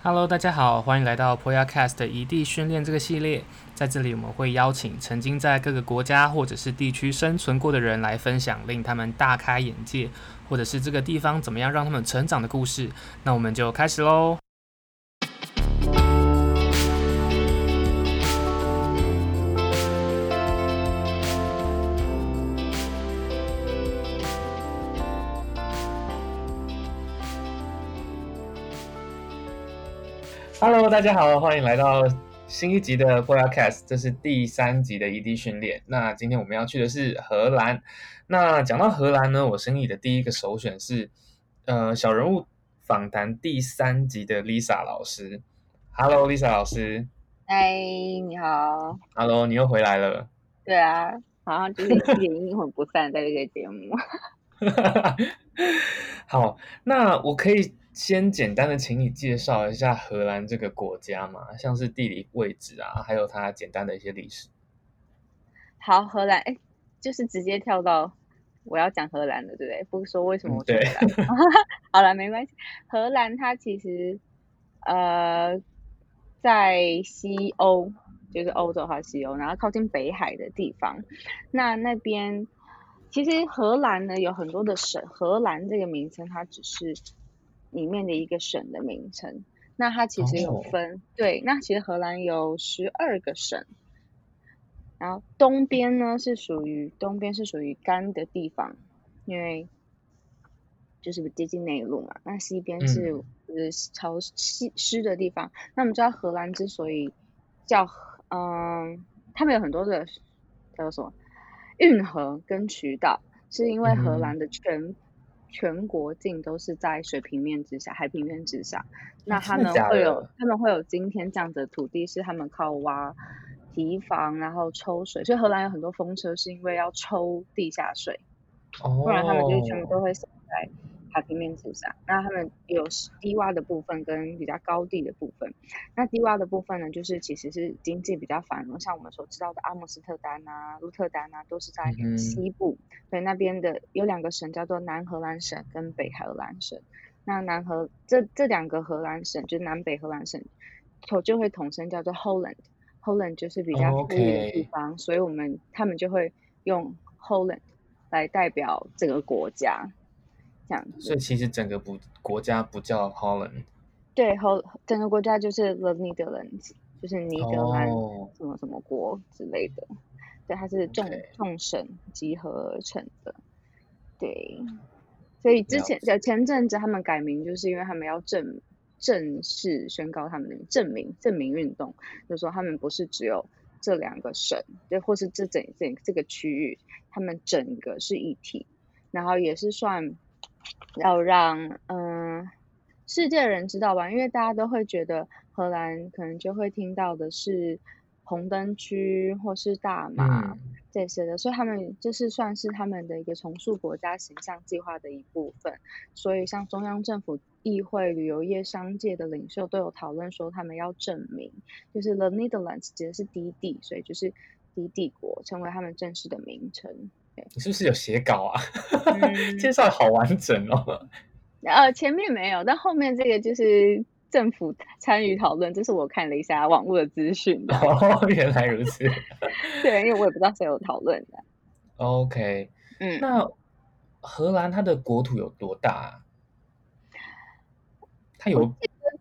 哈嘍，大家好，歡迎來到 Poyacast 的《移地訓練》這個系列。在這裡，我們會邀請曾經在各個國家或者是地區生存過的人來分享令他們大開眼界，或者是這個地方怎麼樣讓他們成長的故事。那我們就開始嘍。Hello，大家好，歡迎來到新一集的 Podcast，這是第三集的移地訓練。那今天我們要去的是荷蘭。那講到荷蘭呢，我心裡的第一個首選是，呃，小人物訪談第三集的 Lisa 老師。Hello, Lisa 老師。Hello，Lisa 老師。嗨，你好。Hello，你又回來了。對啊，好像今天有點陰魂不散在這個節目。 好，那我可以。先簡單的請你介紹一下荷蘭這個國家嘛，像是地理位置啊，還有它簡單的一些歷史。好，荷蘭，哎，就是直接跳到我要講荷蘭的，對不對？不是說為什麼我講荷蘭，對 好了，沒關係。荷蘭它其實呃在西歐，就是歐洲哈西歐，然後靠近北海的地方。那那邊其實荷蘭呢有很多的省，荷蘭這個名稱它只是。裡面的一個省的名稱，那它其實有分、哦、對，那其實荷蘭有十二個省，然後東邊呢是屬於東邊是屬於乾的地方，因為就是接近內陸嘛。那西邊是呃潮濕的地方。嗯、那我們知道荷蘭之所以叫嗯、呃，他們有很多的叫做什麼運河跟渠道，是因為荷蘭的全。嗯嗯全國境都是在水平面之下，海平面之下。那他們會有，真的假的？他們會有今天這樣子的土地，是他們靠挖堤防，然後抽水。所以荷蘭有很多風車，是因為要抽地下水，不然他們就全部都會死在。海平面鼓升，那他們有低窪的部分跟比較高地的部分。那低窪的部分呢，就是其實是經濟比較繁榮，像我們所知道的阿姆斯特丹啊、鹿特丹啊，都是在西部。嗯、所以那邊的有兩個省，叫做南荷蘭省跟北荷蘭省。那南荷這這兩個荷蘭省，就是、南北荷蘭省，就就會統稱叫做 Holland。Holland 就是比較富裕的地方，哦 okay、所以我們他們就會用 Holland 來代表這個國家。這樣，所以其實整個不國家不叫 Holland，對，整整個國家就是了 Netherlands，就是尼德蘭什麼什麼國之類的，所以、oh. 它是眾眾 Okay. 省集合而成的。對，所以之前的有前陣子他們改名，就是因為他們要正正式宣告他們的正名正名運動，就是、說他們不是只有這兩個省，就或是這整整這個區域，他們整個是一體，然後也是算。要讓嗯、呃、世界的人知道吧，因為大家都會覺得荷蘭可能就會聽到的是紅燈區或是大麻這些的，啊、所以他們這是算是他們的一個重塑國家形象計劃的一部分。所以像中央政府、議會、旅遊業、商界的領袖都有討論說，他們要證明就是 The Netherlands 指的是低地，所以就是低地國成為他們正式的名稱。對你是不是有寫稿啊？嗯、介紹好完整哦。呃，前面沒有，但後面這個就是政府參與討論，這是我看了一下網絡的資訊的。哦，原來如此。 對，因為我也不知道誰有討論的。OK，嗯，那荷蘭它的國土有多大？它有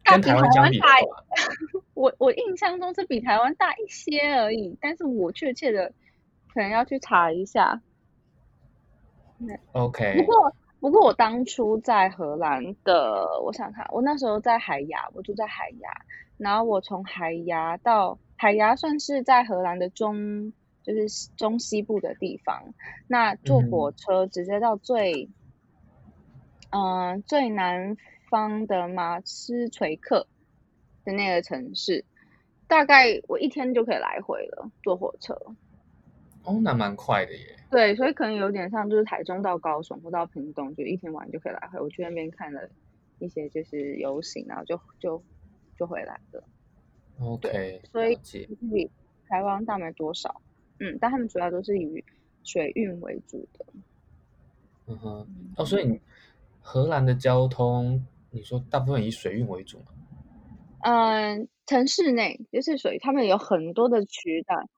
跟台灣相比，啊、大，比台灣大，我我印象中是比台灣大一些而已，但是我確切的可能要去查一下。O Okay . K，不過不過我當初在荷蘭的，我想，想看我那時候在海牙，我住在海牙，然後我從海牙到海牙算是在荷蘭的中，就是中西部的地方，那坐火車直接到最，嗯、呃、最南方的馬斯垂克的那個城市，大概我一天就可以來回了，坐火車。哦，那蠻快的耶。對，所以可能有點像，就是台中到高雄或到屏東，就一天晚就可以來回。我去那邊看了一些就是遊行，然後就就就回來了。OK。所以其實比台灣大沒多少。嗯，嗯，但他們主要都是以水運為主的。嗯哼，哦，所以你荷蘭的交通，你說大部分以水運為主嗎？嗯，城市內就是水，他們有很多的渠道。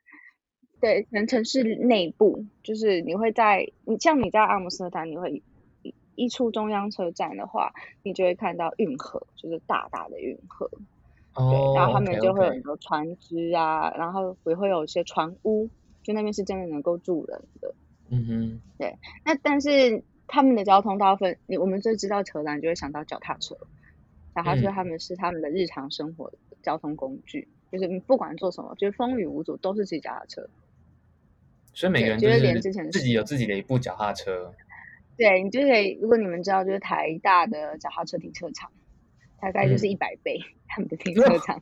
對，全城市內部就是你會在你像你在阿姆斯特丹，你會一一出中央車站的話，你就會看到運河，就是大大的運河。哦。Oh, 對，然後他們就會有很多船隻啊，okay, okay. 然後也會有一些船屋，就那邊是真的能夠住人的。嗯哼、mm。Hmm. 對，那但是他們的交通大部分，你我們最知道車站就會想到腳踏車，腳踏車他們是他們的日常生活交通工具，mm hmm. 就是你不管做什麼，就是風雨無阻都是騎腳踏車。所以每個人就是對自己有自己的一部腳踏車，對你就可以。如果你們知道，就是台大的腳踏車停車場，大概就是一百倍、嗯、他們的停車場，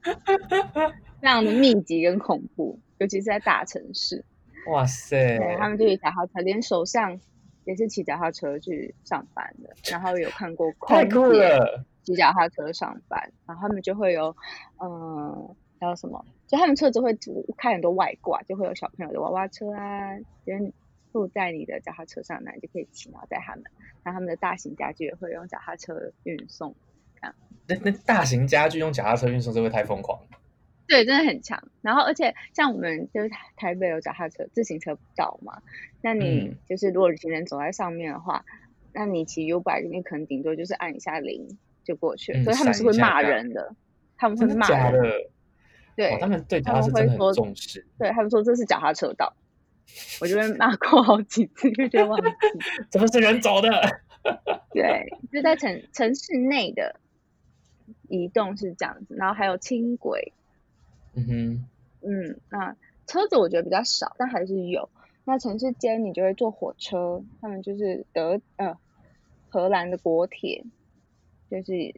非常、哦、的密集跟恐怖，尤其是在大城市。哇塞對！他們就有腳踏車，連首相也是騎腳踏車去上班的。然後有看過，太酷了，空姐騎腳踏車上班。然後他們就會有，嗯、呃，還有什麼？就他們車子會開很多外掛，就會有小朋友的娃娃車啊，別人坐在你的腳踏車上，那你就可以騎，然後載他們。然後他們的大型家具也會用腳踏車運送，這樣。那那大型家具用腳踏車運送，這會太瘋狂。對，真的很強。然後而且像我們就是台北有腳踏車、自行車道嘛，那你就是如果行人走在上面的話，嗯、那你騎 Ubike 你可能頂多就是按一下鈴就過去、嗯、所以他們是會罵人的，他們是會罵人的。對，他們對它是很重視，他對他們說，這是腳踏車道，我就被罵過好幾次， 就覺得怎麼是人走的？對，就在城城市內的移動是這樣子，然後還有輕軌，嗯哼，嗯，那車子我覺得比較少，但還是有。那城市間你就會坐火車，他們就是德呃荷蘭的國鐵，就是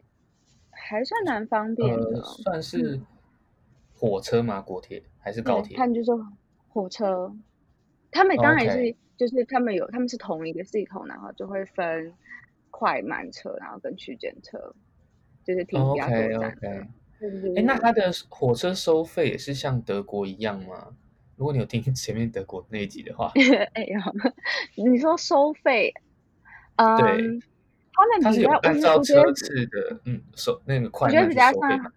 還算蠻方便的，呃，算是。嗯火車嗎？國鐵還是高鐵，嗯？看就是說火車，他們當然也是，oh, okay. 就是他們有，他們是同一個系統，然後就會分快慢車，然後跟區間車，就是停比較多站。哎，那他的火車收費也是像德國一樣嗎？如果你有聽前面德國那一集的話，哎呀、 欸，你說收費，嗯、 um, 對，他們他是有按照車次的，嗯，收那個快慢車。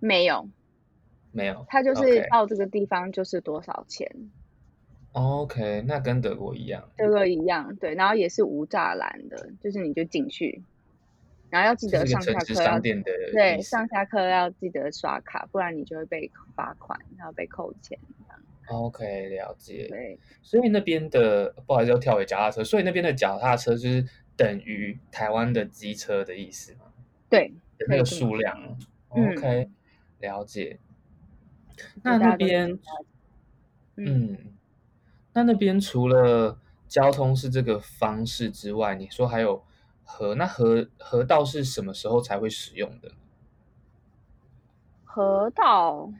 沒有，沒有，他就是到這個地方就是多少錢。OK，那跟德國一樣。德國一樣，對，然後也是無柵欄的，就是你就進去，然後要記得上下課是商店的，對，上下課要記得刷卡，不然你就會被罰款，然後被扣錢。OK，了解。對，所以那邊的不好意思，要跳回腳踏車，所以那邊的腳踏車就是等於台灣的機車的意思嗎？對，的那個數量。嗯，OK。了解對那那邊，嗯，嗯那那邊除了交通是這個方式之外，你說還有河？那河河道是什麼時候才會使用的？河道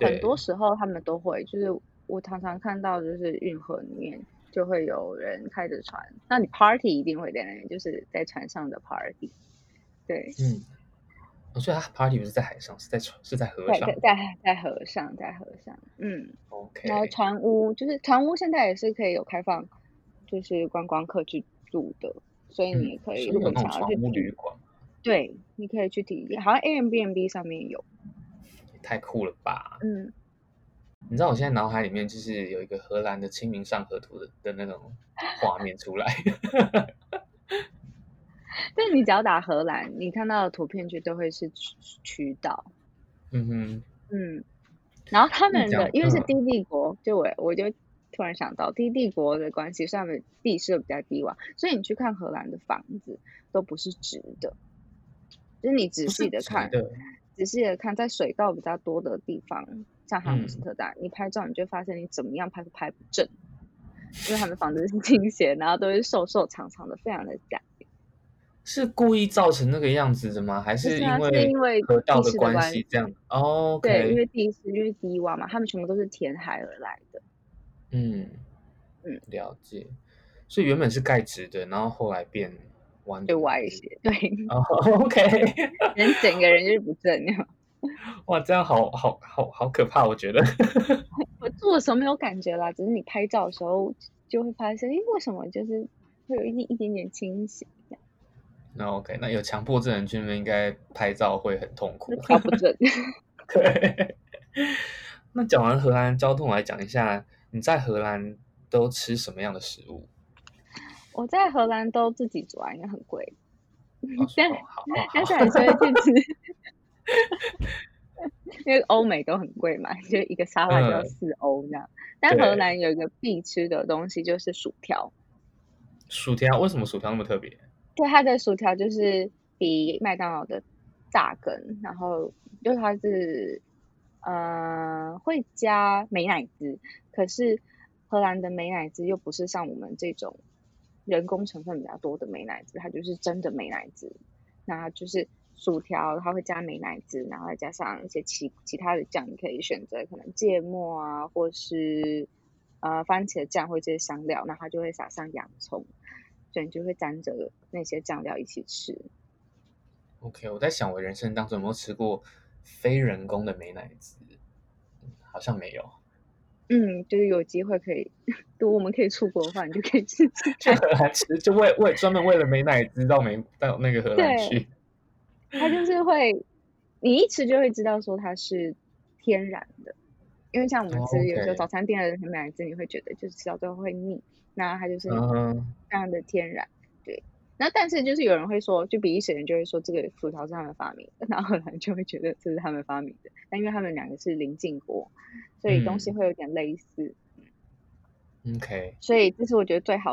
很多時候他們都會，對就是我常常看到，就是運河裡面就會有人開着船。那你 party 一定會在那邊，就是在船上的 party，對，嗯。哦，所以他 party 不是在海上，是在船，是在河上，上，在在河上，在河上，嗯，OK，然後船屋就是船屋，現在也是可以有開放，就是觀光客去住的，所以你可以如果想要去體驗，對，你可以去體驗，好像 Airbnb 上面也有，也太酷了吧，嗯，你知道我現在腦海裡面就是有一個荷蘭的清明上河圖的的那種畫面出來。 但你只要打荷蘭，你看到的圖片絕對會是渠渠道。嗯哼，嗯，然後他們的、嗯、因為是低地國，就我我就突然想到低地國的關係，上面地勢比較低窪，所以你去看荷蘭的房子都不是直的，就是你仔細的看，對，仔細的看，在水道比較多的地方，像阿姆斯特丹，嗯、你拍照你就發現你怎麼樣拍都拍不正，因為他們房子是傾斜，然後都是瘦瘦長長的，非常的窄。是故意造成那個樣子的嗎？還是因為河道的關係這樣？哦、啊，Okay 對，因為第一次，就是低窪嘛，他們全部都是填海而來的。嗯嗯，嗯，了解。所以原本是蓋直的，然後後來變彎，對。歪一些。對。啊、oh,，OK。人 整個人就是不正呀。哇，這樣好好好好可怕，我覺得。 我做的時候沒有感覺啦，只是你拍照的時候就會發現，哎、欸，為什麼就是會有一點一點點傾斜？那、no, OK，那有強迫症人群，那應該拍照會很痛苦。強迫症。對。那講完荷蘭交通，來講一下你在荷蘭都吃什麼樣的食物？我在荷蘭都自己煮啊，應該很貴，哦、但、哦、好但是很喜歡吃， 因為歐美都很貴嘛，就一個沙拉就要四歐那樣。嗯、但荷蘭有一個必吃的東西就是薯條。薯條？為什麼薯條那麼特別？對，它的薯條就是比麥當勞的大根，然後就是它是，呃，會加美乃滋，可是荷蘭的美乃滋又不是像我們這種人工成分比較多的美乃滋，它就是真的美乃滋。那就是薯條，它會加美乃滋，然後再加上一些其其他的醬，你可以選擇可能芥末啊，或是呃番茄醬或者是香料，然後它就會撒上洋蔥。對，你就會沾着那些醬料一起吃。OK，我在想我人生當中有沒有吃過非人工的美乃滋。嗯，好像沒有。嗯，就是有機會可以，如果我們可以出國的話，你就可以去 荷蘭吃，就為為專門為了美乃滋到美 到那個荷蘭去。他就是會，你一吃就會知道說它是天然的。因為像我們吃、oh, okay. 有時候早餐店的人他們來吃，你會覺得就是吃到最後會膩。那它就是非常的天然，uh、對。那但是就是有人會說，就比利時人就會說這個薯條是他們發明的，那荷蘭人就會覺得這是他們發明的。但因為他們兩個是鄰近國，所以東西會有點類似。OK、嗯。嗯、所以這是我覺得最好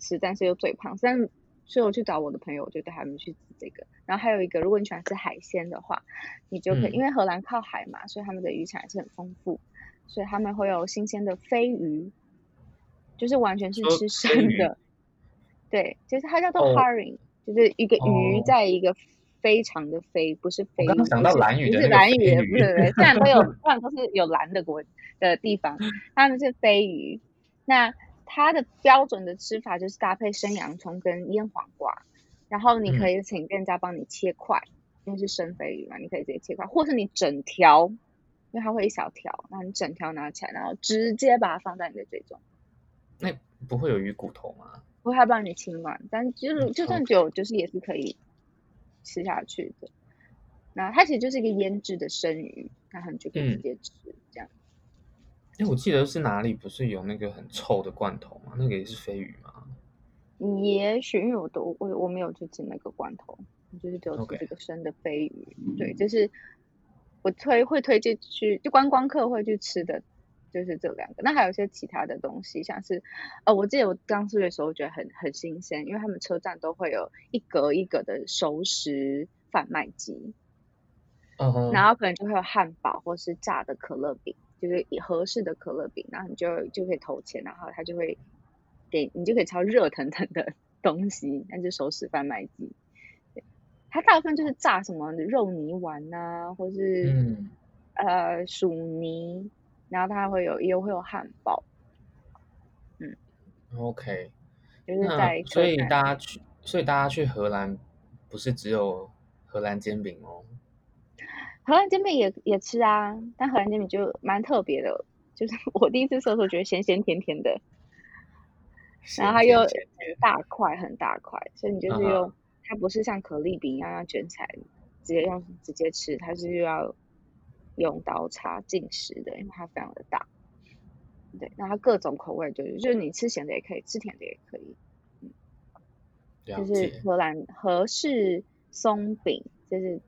吃，但是又最胖。雖然，所以我去找我的朋友，我就帶他們去吃這個。然後還有一個，如果你喜歡吃海鮮的話，你就可以，嗯、因為荷蘭靠海嘛，所以他們的漁產是很豐富。所以他們會有新鮮的鯡魚，就是完全是吃生的，對，就是它叫做 haring、哦、就是一個魚在一個非常的飛，哦、不是飛魚，剛剛想到藍魚，不是，是藍魚，魚，對不是，不然都有，不然都是有藍的國的地方，他們是鯡魚，那它的標準的吃法就是搭配生洋蔥跟醃黃瓜，然後你可以請店家幫你切塊，嗯、因為是生鯡魚嘛，你可以直接切塊，或是你整條。因為它會一小條，然後你整條拿起來，然後直接把它放在你的嘴中。那不會有魚骨頭嗎？不會，它幫你清完。但是就就算有，Okay. 就是也是可以吃下去的。然後它其實就是一個醃制的生魚，然後你就可以直接吃、嗯、這樣。哎、欸，我記得是哪裡不是有那個很臭的罐頭嗎？那個也是鯡魚嗎？也許因為我都我我沒有去吃那個罐頭，就是就是這個生的鯡魚，Okay. 對，嗯、就是。我推會推薦去，就觀光客會去吃的，就是這兩個。那還有一些其他的東西，像是，呃、哦，我記得我剛去的時候，覺得很很新鮮，因為他們車站都會有一格一格的熟食販賣機，uh huh. 然後可能就會有漢堡或是炸的可樂餅，就是荷式的可樂餅，然後你就就可以投錢，然後他就會給你就可以超熱騰騰的東西，那就熟食販賣機。它大部分就是炸什麼肉泥丸啊，或是、嗯、呃薯泥。然後它會有也有會有漢堡，嗯，OK，就是在，那所以大家去所以大家去荷蘭不是只有荷蘭煎餅哦，荷蘭煎餅也也吃啊，但荷蘭煎餅就蠻特別的，就是我第一次吃的時候覺得鹹鹹甜甜的，是然後它又很大塊很大塊，所以你就是用、啊。它不是像可麗餅一樣要捲起來，直接用直接吃，它是又要用刀叉進食的，因為它非常的大。對，那它各種口味就是，就是你吃鹹的也可以，吃甜的也可以。嗯，了解，就是荷蘭荷式鬆餅，就是，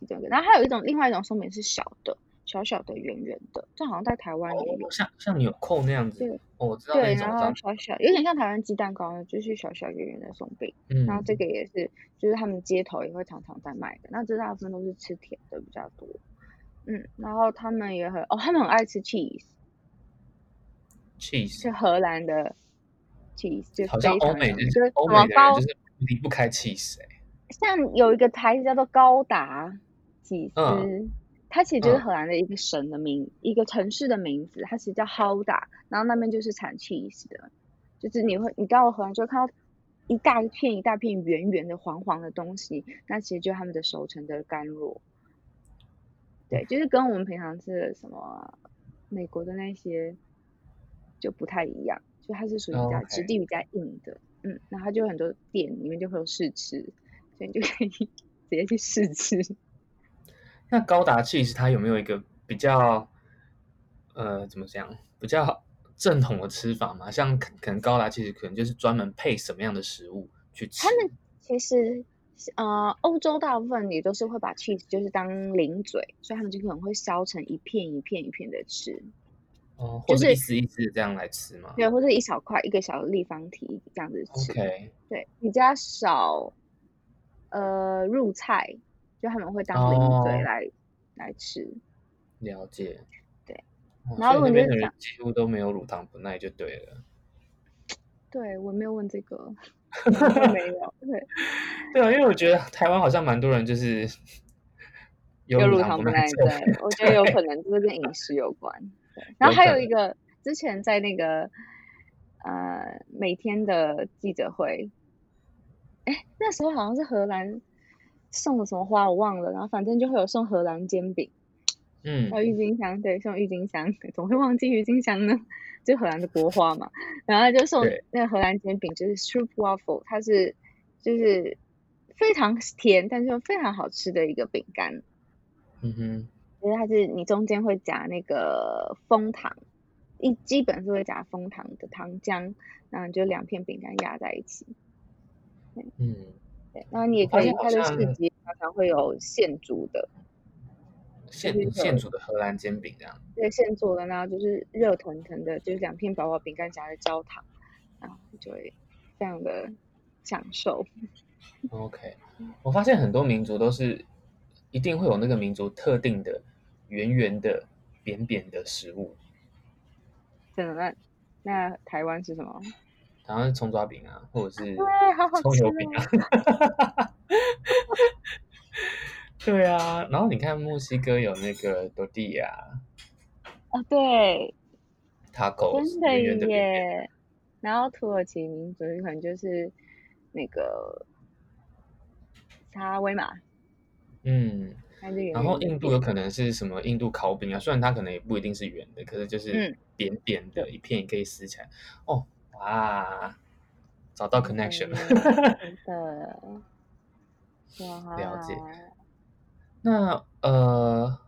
是這種。然後還有一種另外一種鬆餅是小的，小小的圓圓的，這好像在台灣也有。哦，像像紐扣那樣子。哦，我知道對，然後小小有點像台灣雞蛋糕，就是小小圓圓的鬆餅。嗯，然後這個也是，就是他們街頭也會常常在賣的。那這大部分都是吃甜的比較多。嗯，然後他們也很，哦，他們很愛吃 cheese。cheese 是荷蘭的 cheese，就是非常。好像歐美就是歐美的就是離不開 cheese，、欸、像有一個台詞叫做“高達 cheese 它其實就是荷蘭的一個省的名，嗯、一個城市的名字，它其實叫 Houda，然後那邊就是產 cheese 的，就是你會，你到荷蘭就會看到一大片一大片圓圓的黃黃的東西，那其實就他們的熟成的乾酪，對，對，就是跟我們平常吃的什麼美國的那些就不太一樣，就它是屬於比較 Okay. 質地比較硬的，嗯，然後就很多店裡面就會有試吃，所以你就可以直接去試吃。那高達 cheese 它有沒有一個比較，呃，怎麼講，比較正統的吃法嘛？像可可能高達 cheese 可能就是專門配什麼樣的食物去吃？他們其實呃，歐洲大部分也都是會把 cheese 就是當零嘴，所以他們就可能會削成一片一片一片的吃。哦，就是一只一只這樣來吃嗎？對、就是，或者一小塊一個小的立方體這樣子吃。Okay. 對，比較少，呃，入菜。就他們會當零嘴來、哦，來吃，了解。對，喔，然後我那邊的人幾乎都沒有乳糖不耐，就對了。對我沒有問這個， 沒有。對，對啊，因為我覺得台灣好像蠻多人就是有乳糖不耐，不耐對，對我覺得有可能這個跟飲食有關。對，然後還有一個有之前在那個呃每天的記者會，哎，欸，那時候好像是荷蘭。送了什麼花我忘了，然後反正就會有送荷蘭煎餅，嗯，還有鬱金香，對，送鬱金香，怎麼會忘記鬱金香呢？就荷蘭的國花嘛。然後就送那個荷蘭煎餅，就是 stroopwafel，對它是就是非常甜，但是又非常好吃的一個餅乾。嗯哼，因為它是你中間會夾那個楓糖，一基本是會夾楓糖的糖漿，然後就兩片餅乾壓在一起。嗯。那你也可以，它的市集常常會有現煮的，現現煮的荷蘭煎餅這樣。對，現做的呢，就是熱騰騰的，就是兩片薄薄餅乾夾的焦糖，然後就會非常的享受。OK，我發現很多民族都是一定會有那個民族特定的圓圓的扁扁的食物。真的？那那台灣是什麼？然後是蔥抓餅啊，或者是蔥油餅啊。啊對，好好對啊，然後你看墨西哥有那個多蒂亞。哦，對。塔狗真的，然後土耳其民族有可能就是那個沙威瑪。嗯。然後印度有可能是什麼？印度烤餅啊，雖然它可能也不一定是圓的，可是就是扁扁的、嗯、一片，也可以撕起來。對哦。啊，找到 connection 了，真 了解。那呃，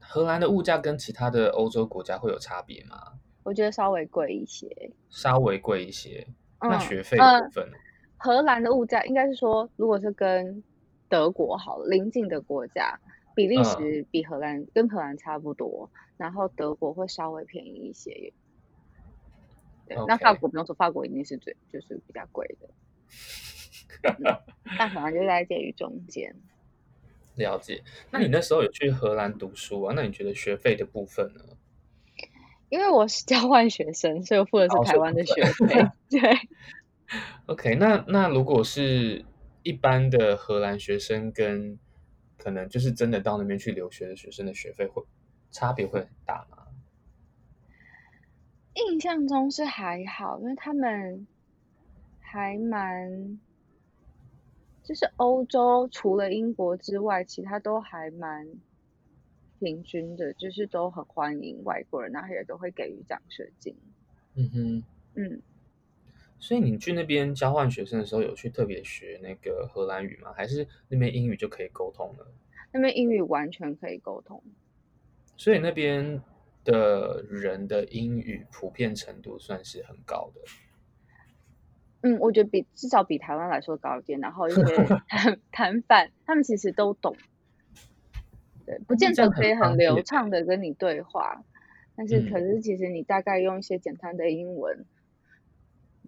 荷蘭的物價跟其他的歐洲國家會有差別嗎？我覺得稍微貴一些，稍微貴一些。那學費的部分呢？嗯、呃，荷蘭的物價應該是說，如果是跟德國好鄰近的國家，比利時比荷蘭，嗯、跟荷蘭差不多，然後德國會稍微便宜一些。那法國不用說，法國一定是最就是比較貴的。但可能就是在介於中間。了解。那你那時候有去荷蘭讀書啊？嗯、那你覺得學費的部分呢？因為我是交換學生，所以我付的是台灣的學費。哦、 對。 對 OK，那那如果是一般的荷蘭學生跟可能就是真的到那邊去留學的學生的學費會差別會很大嗎？印象中是還好，因為他們還蠻，就是歐洲除了英國之外，其他都還蠻平均的，就是都很歡迎外國人，然後也都會給予獎學金。嗯哼，嗯。所以你去那邊交換學生的時候，有去特別學那個荷蘭語嗎？還是那邊英語就可以溝通了？那邊英語完全可以溝通，所以那邊。的人的英語普遍程度算是很高的，嗯，我覺得比至少比台灣來說高一點。然後一些，談談判，他們其實都懂，對，不見得可以很流暢的跟你對話，但是可是其實你大概用一些簡單的英文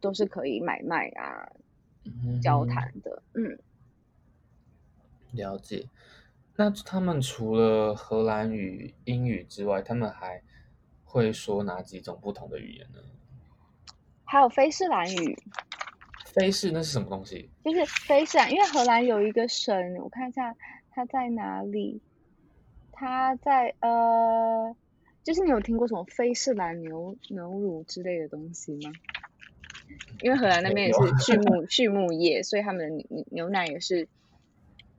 都是可以買賣啊、嗯、哼交談的，嗯，了解。那他們除了荷蘭語、英語之外，他們還會說哪幾種不同的語言呢？還有菲氏蘭語。菲氏那是什麼東西？就是菲氏蘭，因為荷蘭有一個省，我看一下它在哪裡。它在呃，就是你有聽過什麼菲氏蘭牛牛乳之類的東西嗎？因為荷蘭那邊也是畜牧、啊、畜牧業，所以他們的牛奶也是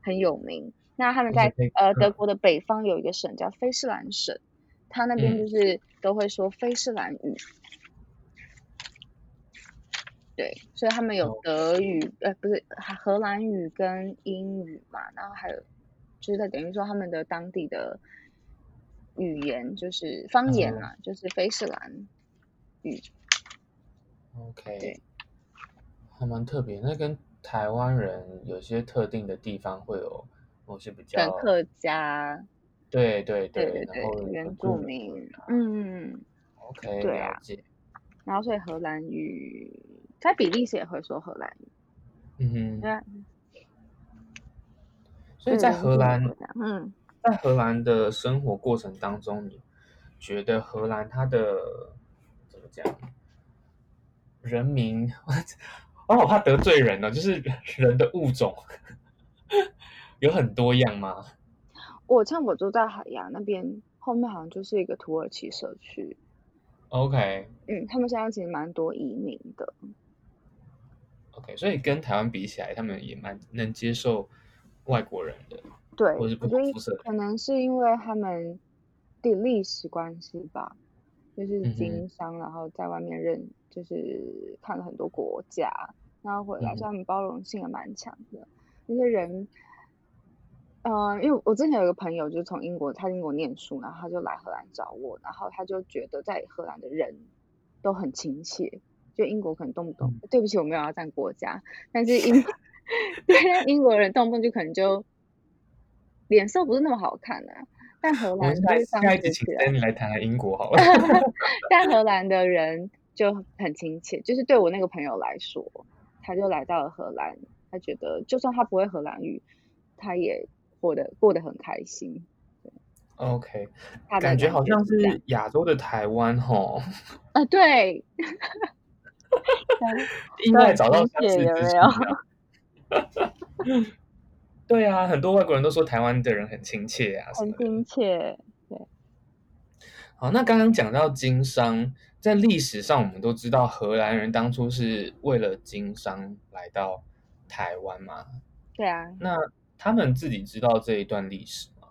很有名。那他們在呃德國的北方有一個省叫菲氏蘭省。他那邊就是都會說菲氏蘭語，嗯、對，所以他們有德語，oh. 呃，不是荷蘭語跟英語嘛，然後還有就是等於說他們的當地的語言就是方言嘛，oh. 就是菲氏蘭語。OK。對，還蠻特別。那跟台灣人有些特定的地方會有某些比較。跟客家。對對對，對對對，然後原住民，嗯 OK、對啊、了解。然後所以荷蘭語，在比利時也會說荷蘭語，嗯哼，對啊。所以在荷蘭，荷蘭嗯，在荷蘭的生活過程當中，你、嗯、覺得荷蘭它的怎麼講？人民， 我好怕得罪人哦，就是人的物種 有很多樣嗎？我像我住在海牙那邊，後面好像就是一個土耳其社區。OK。嗯，他們現在其實蠻多移民的。OK，所以跟台灣比起來，他們也蠻能接受外國人的。對，是我是覺得可能是因為他們的歷史關係吧，就是經商，嗯、哼然後在外面認，就是看了很多國家，然後回來，所以他們包容性也蠻強的。嗯、哼那些人。嗯、呃，因為我之前有一個朋友，就是從英國，他英國念書，然後他就來荷蘭找我，然後他就覺得在荷蘭的人都很親切，就英國可能動不動、嗯、對不起我沒有要占國家，但是英，對， 英國人動不動就可能就臉色不是那麼好看呢、啊。但荷蘭來談談、嗯、英國好了。 但荷蘭的人就很親切，就是對我那個朋友來說，他就來到了荷蘭，他覺得就算他不會荷蘭語，他也。過得過得很開心。OK，感覺，感覺好像是亞洲的台灣齁。啊呵、呃，對， 應該找到小姐、啊。之 對啊，很多外國人都說台灣的人很親切啊，很親切。對。好，那剛剛講到經商，在歷史上我們都知道荷蘭人當初是為了經商來到台灣嘛。對啊，那。他們自己知道這一段歷史嗎？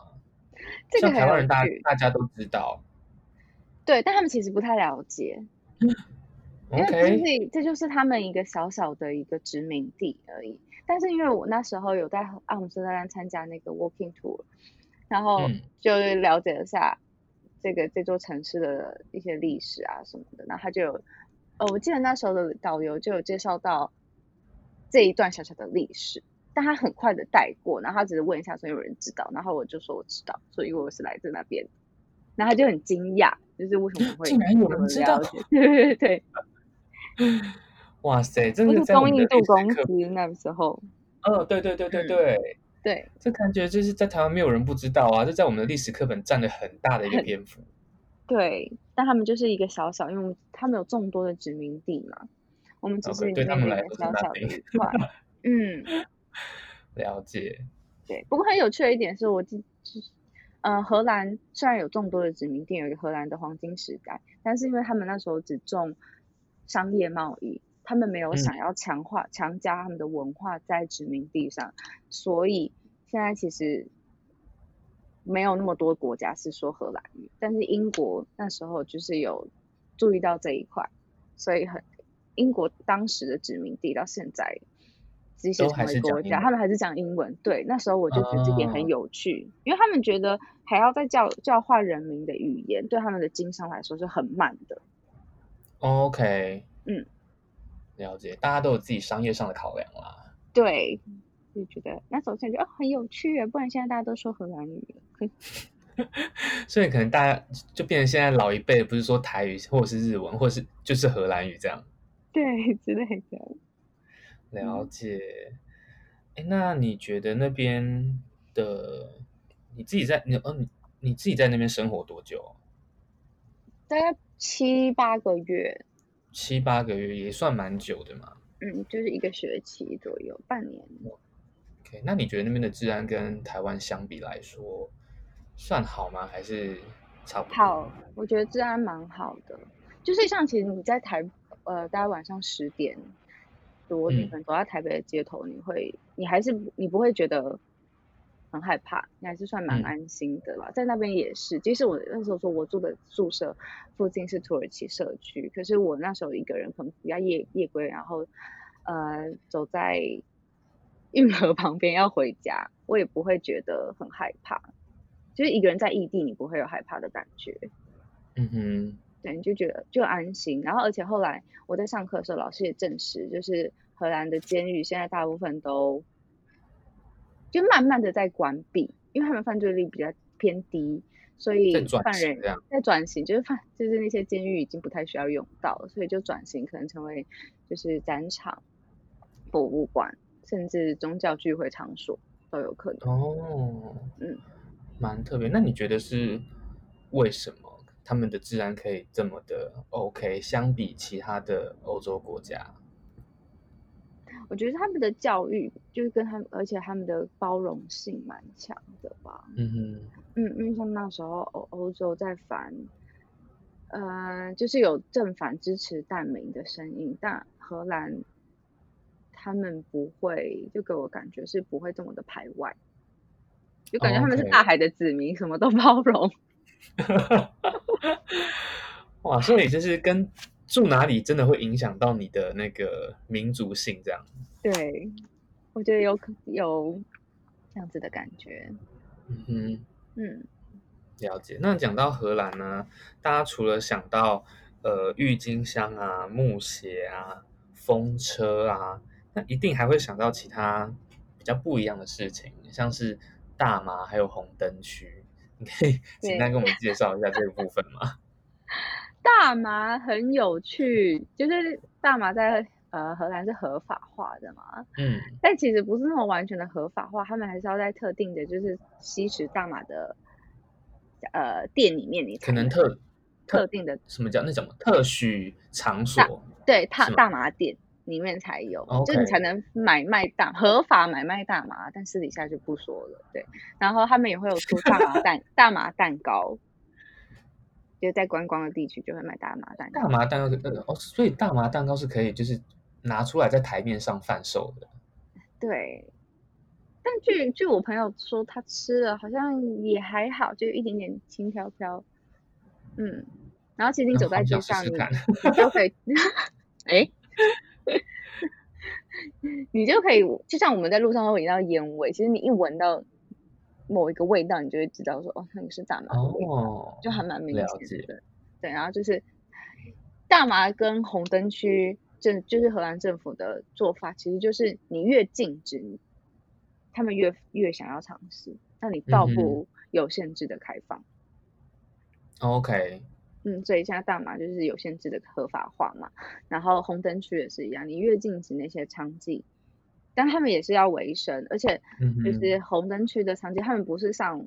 這個像台灣人，大大家都知道，對，但他們其實不太了解， 因為只是 這就是他們一個小小的一個殖民地而已。但是因為我那時候有在阿姆斯特丹參加那個 walking tour，然後就了解了下這個,對這個這座城市的一些歷史啊什麼的。然後他就有，呃、哦，我記得那時候的導遊就有介紹到這一段小小的歷史。但他很快的帶過，然後他只是問一下，所以有人知道，然後我就說我知道，所以我是來自那邊，然後他就很驚訝，就是為什麼會竟然有人知道？對對 對，哇塞，真的東印度公司那時候，哦，對對對對對對，對，這感覺就是在台灣沒有人不知道啊，這在我們的歷史課本佔了很大的一個篇幅。對，但他們就是一個小小，因為他們有眾多的殖民地嘛，okay, 我們只是對他們來說小小的一塊， 嗯。了解，對。不過很有趣的一點是，我記，嗯、呃，荷蘭雖然有眾多的殖民地，有一個荷蘭的黃金時代，但是因為他們那時候只重商業貿易，他們沒有想要強化、嗯、強加他們的文化在殖民地上，所以現在其實沒有那麼多國家是說荷蘭語。但是英國那時候就是有注意到這一塊，所以很英國當時的殖民地到現在，這些國家，還是他們還是講英文。對，那時候我就覺得這點很有趣，啊、因為他們覺得還要再教教化人民的語言，對他們的經商來說是很慢的。哦、OK，嗯，了解，大家都有自己商業上的考量啦。對，就覺得那時候感覺哦，很有趣啊，不然現在大家都說荷蘭語了。 所以可能大家就變成現在老一輩不是說台語，或者是日文，或者是就是荷蘭語這樣，對之類的很。了解，哎，那你覺得那邊的你自己在你哦、呃、你，你自己在那邊生活多久啊？大概七八個月。七八個月也算蠻久的嘛。嗯，就是一個學期左右，半年。OK，那你覺得那邊的治安跟台灣相比來說，算好嗎？還是差不多？好，我覺得治安蠻好的，就是像其實你在台呃，大概晚上十點。我可能走在台北的街頭，你會，嗯、你還是你不會覺得很害怕，你還是算蠻安心的啦。嗯、在那邊也是，即使我那時候說我住的宿舍附近是土耳其社區，可是我那時候一個人，可能要夜夜歸，然後呃走在運河旁邊要回家，我也不會覺得很害怕。就是一個人在異地，你不會有害怕的感覺。嗯哼。對，就覺得就安心。然後，而且後來我在上課的時候，老師也證實，就是荷蘭的監獄現在大部分都就慢慢的在關閉，因為他們犯罪率比較偏低，所以犯人在轉型樣，轉型就是犯就是那些監獄已經不太需要用到，所以就轉型可能成為就是展場、博物館，甚至宗教聚會場所都有可能。哦，嗯，蠻特別。那你覺得是為什麼？他們的治安可以這麼的 OK，相比其他的歐洲國家，我覺得他們的教育就是跟他們，而且他們的包容性蠻強的吧。嗯哼，嗯，因為像那時候歐歐洲在反，嗯、呃，就是有正反支持難民的聲音，但荷蘭他們不會，就給我感覺是不會這麼的排外，就感覺他們是大海的子民，oh, okay. 什麼都包容。哈哈哈哈哇，所以就是跟住哪裡真的會影響到你的那個民族性，這樣。對，我覺得有可有這樣子的感覺。嗯哼，嗯，了解。那講到荷蘭呢，啊，大家除了想到呃鬱金香啊、木鞋啊、風車啊，那一定還會想到其他比較不一樣的事情，像是大麻還有紅燈區。可以簡單跟我們介紹一下這個部分嗎？ 大麻很有趣，就是大麻在呃荷蘭是合法化的嘛，嗯，但其實不是那麼完全的合法化，他們還是要在特定的，就是吸食大麻的呃店裡面，能可能特特，特，特定的什麼叫那種什麼特許場所，對，大嗎大麻店。裡面才有，Okay. 就你才能買賣大合法買賣大麻，但私底下就不說了。對，然後他們也會有出大麻蛋、 大麻蛋糕，就在觀光的地區就會買大麻蛋糕、大麻蛋糕那個哦。所以大麻蛋糕是可以就是拿出來在台面上販售的。對，但據據我朋友說，他吃了好像也還好，就一點點輕飄飄。嗯，然後其實你走在街上、嗯、試試你都可以，哎、 欸。 你就可以，就像我們在路上會聞到煙味，其實你一聞到某一個味道，你就會知道說，哦，那個是大麻，哦、就還蠻明顯的。了解。對，然後就是大麻跟紅燈區政，就是荷蘭政府的做法，其實就是你越禁止，他們越越想要嘗試，讓你倒不有限制的開放。嗯、OK。嗯，所以現在大麻就是有限制的合法化嘛，然後紅燈區也是一樣，你越禁止那些娼妓，但他們也是要維生，而且就是紅燈區的娼妓，嗯、哼他們不是像，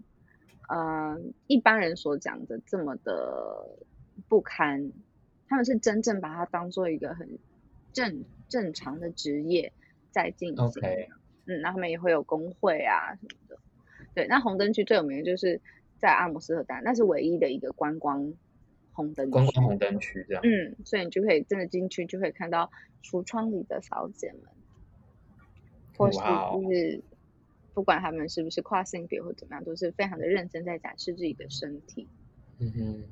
嗯、呃、一般人所講的這麼的不堪，他們是真正把它當做一個很正正常的職業在進行，Okay. 嗯，然後他們也會有工會啊什麼的，對，那紅燈區最有名的就是在阿姆斯特丹，那是唯一的一個觀光。紅燈光穿紅燈區這樣，嗯，所以你就可以真的進去，就可以看到櫥窗裡的小姐們，或是就是不管他們是不是跨性別或怎麼樣，都、就是非常的認真在展示自己的身體。嗯哼，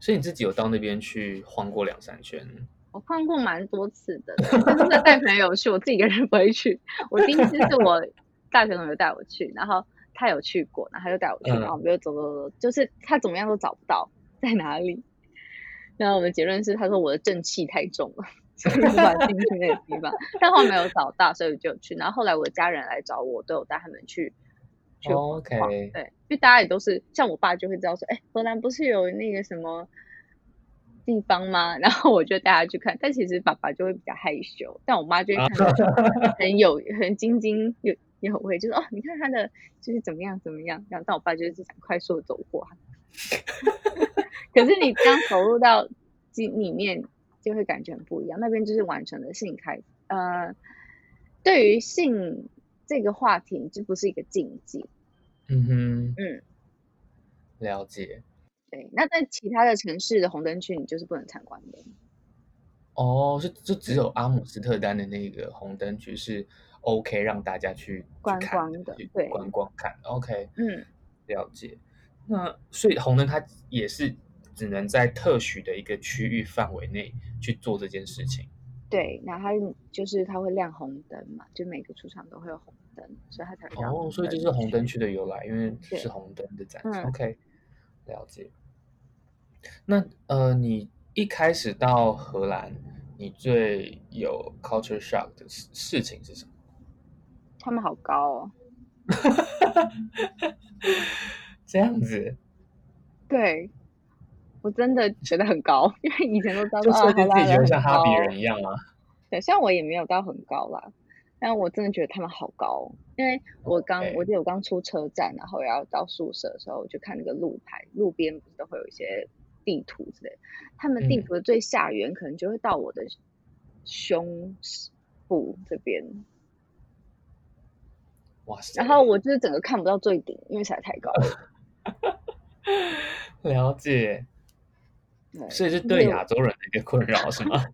所以你自己有到那邊去晃過兩三圈？我晃過蠻多次的，真的帶朋友去，我自己一個人不會去。我第一次是我大學同學帶我去，然後他有去過，然後他就帶我去，然後我們就走走走，就是他怎麼樣都找不到在哪裡。然後我們結論是，他說我的正氣太重了，所以就進去那個地方，但後來沒有找到，所以就去。然後後來我的家人來找我，都有帶他們去就，oh，OK。對，就大家也都是，像我爸就會知道說，哎，荷蘭不是有那個什麼地方嗎？然後我就帶他去看。但其實爸爸就會比較害羞，但我媽就會看到很有 很晶晶有也很會就說，就是哦，你看他的就是怎麼樣怎麼樣。然後但我爸就是只想快速的走過。 可是你剛投入到進裡面，就會感覺很不一樣。那邊就是完成的性開，呃，對於性這個話題，就不是一個禁忌。嗯哼，嗯，了解。對，那在其他的城市的紅燈區，你就是不能參觀的。哦，就就只有阿姆斯特丹的那個紅燈區是 OK，讓大家去觀光的，觀觀對，觀光看 OK。嗯，了解。那所以紅燈它也是只能在特許的一個區域範圍內去做這件事情。對，那它就是它會亮紅燈嘛，就每個出場都會有紅燈，所以它才然後、哦、所以這是紅燈區的由來，因為是紅燈的展示。OK，了解。那呃，你一開始到荷蘭，你最有 culture shock 的事事情是什麼？他們好高哦。 這樣子，嗯、對我真的覺得很高，因為以前都當設定自己會像哈比人一樣啊。對，像我也沒有到很高啦，但我真的覺得他們好高、哦，因為我剛、欸、我記得我剛出車站，然後要到宿舍的時候，我就看那個路牌，路邊不是都會有一些地圖之類，他們地圖的最下緣可能就會到我的胸部這邊，哇、嗯！然後我就是整個看不到最頂，因為實在太高了。塞 了解，對所以是對亞洲人的一個困擾，是嗎？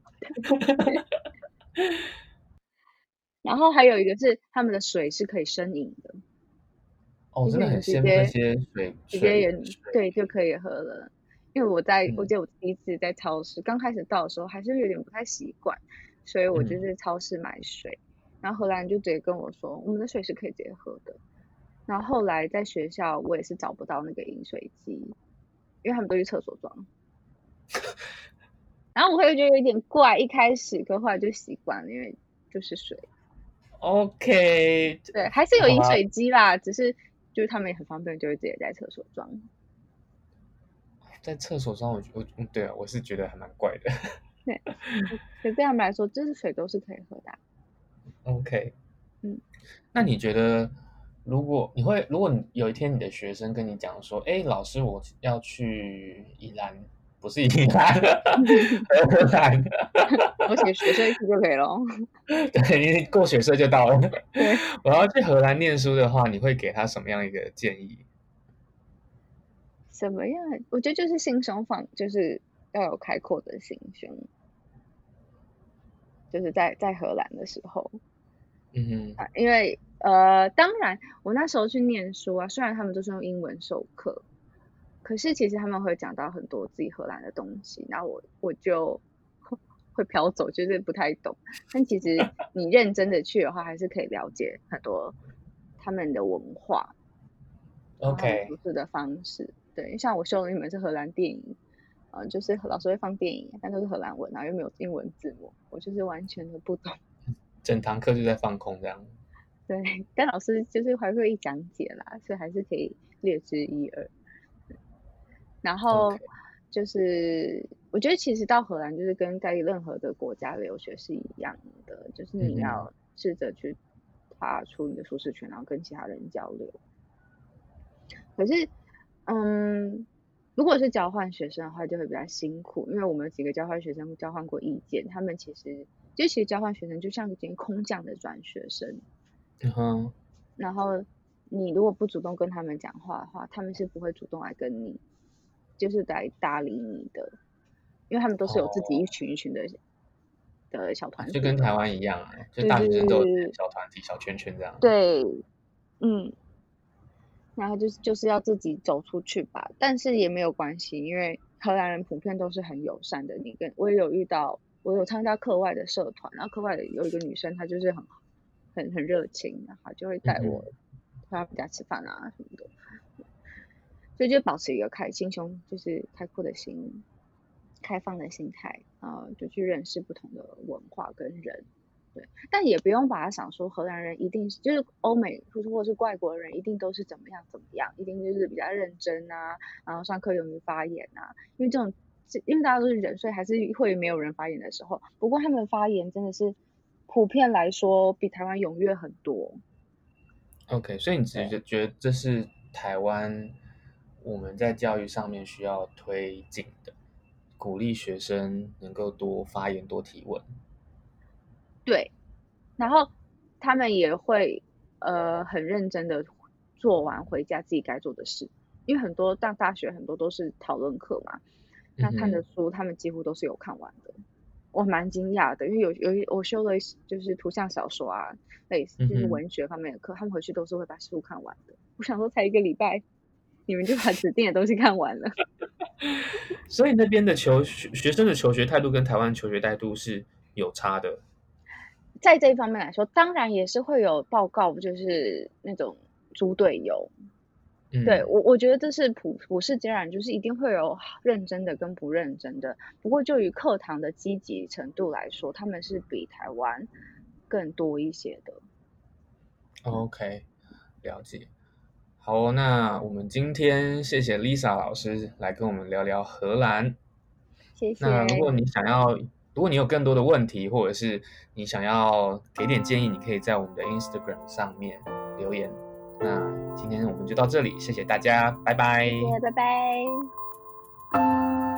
然後還有一個是，他們的水是可以生飲的。哦，真的很直接，直接水直接人，對，水對，就可以喝了。因為我在、嗯、我記得我第一次在超市剛開始到的時候，還是有點不太習慣，所以我就是超市買水，嗯、然後荷蘭人就直接跟我說，我們的水是可以直接喝的。然後後來在學校，我也是找不到那個飲水機，因為他們都去廁所裝。 然後我會覺得有一點怪，一開始，可後來就習慣了，因為就是水。OK，對，還是有飲水機啦，吧只是就是他們也很方便，就會直接在廁所裝。在廁所上我覺得，我我對啊，我是覺得還蠻怪的。 對，對，他們來說，就是水都是可以喝的。OK，嗯，那你覺得？如果你會，如果你有一天你的學生跟你講說，哎，老師，我要去宜蘭，不是宜蘭， 荷蘭，我寫學社一就可以了。對，你過學社就到了。 對我要去荷蘭念書的話，你會給他什麼樣一個建議？什麼樣？我覺得就是心胸放，就是要有開闊的心胸，就是在在荷蘭的時候，嗯哼，哼、啊，因為。呃，當然，我那時候去念書啊，雖然他們都是用英文授課，可是其實他們會講到很多自己荷蘭的東西，然後我我就會飄走，就是不太懂。但其實你認真的去的話， 還是可以了解很多他們的文化，OK，做事的方式。對，像我修的那門是荷蘭電影，呃，就是老師會放電影，但都是荷蘭文，然後又沒有英文字幕，我就是完全的不懂。整堂課就在放空這樣。對，跟老師就是還會一講解啦，所以還是可以略知一二。然後就是，Okay. 我覺得其實到荷蘭就是跟在任何的國家留學是一樣的，就是你要試着去踏出你的舒適圈，mm hmm. 然後跟其他人交流。可是，嗯，如果是交換學生的話，就會比較辛苦，因為我們幾個交換學生交換過意見，他們其實就其實交換學生就像一間空降的轉學生。然後，uh huh. 然後你如果不主動跟他們講話的話，他們是不會主動來跟你，就是來搭理你的，因為他們都是有自己一群一群的，oh. 的小團體，就跟台灣一樣，欸，就大學生都有小團體，就是，小圈圈這樣。對，嗯，然後就是就是要自己走出去吧，但是也沒有關係，因為荷蘭人普遍都是很友善的。你跟我也有遇到，我有參加課外的社團，然後課外有一個女生，她就是很。很很熱情，然後就會帶我到他們家吃飯啊什麼的，所以就保持一個開心胸，就是開闊的心，開放的心態啊，就去認識不同的文化跟人。對，但也不用把它想說荷蘭人一定是，就是歐美或是或是外國人一定都是怎麼樣怎麼樣，一定就是比較認真啊，然後上課勇於發言啊。因為這種因為大家都是人，所以還是會沒有人發言的時候。不過他們發言真的是。普遍來說，比台灣踴躍很多。OK，所以你其實覺得這是台灣我們在教育上面需要推進的，鼓勵學生能夠多發言、多提問？對，然後他們也會呃很認真的做完回家自己該做的事，因為很多到大，大學很多都是討論課嘛，那，嗯哼，看的書他們幾乎都是有看完的。我蠻驚訝的，因為有有一我修了就是圖像小說啊，類似就是文學方面的課，嗯、哼他們回去都是會把書看完的。我想說才一個禮拜，你們就把指定的東西看完了。 所以那邊的求，學生的求學態度跟台灣求學態度是有差的。在這一方面來說，當然也是會有報告，就是那種豬隊友。 對我，我覺得這是普普世皆然，就是一定會有認真的跟不認真的。不過就以課堂的積極程度來說，他們是比台灣更多一些的。OK，了解。好哦，那我們今天謝謝 Lisa 老師來跟我們聊聊荷蘭。謝謝。那如果你想要，如果你有更多的問題，或者是你想要給點建議，你可以在我們的 Instagram 上面留言。那今天我們就到這裡，謝謝大家，拜拜。謝謝，拜拜。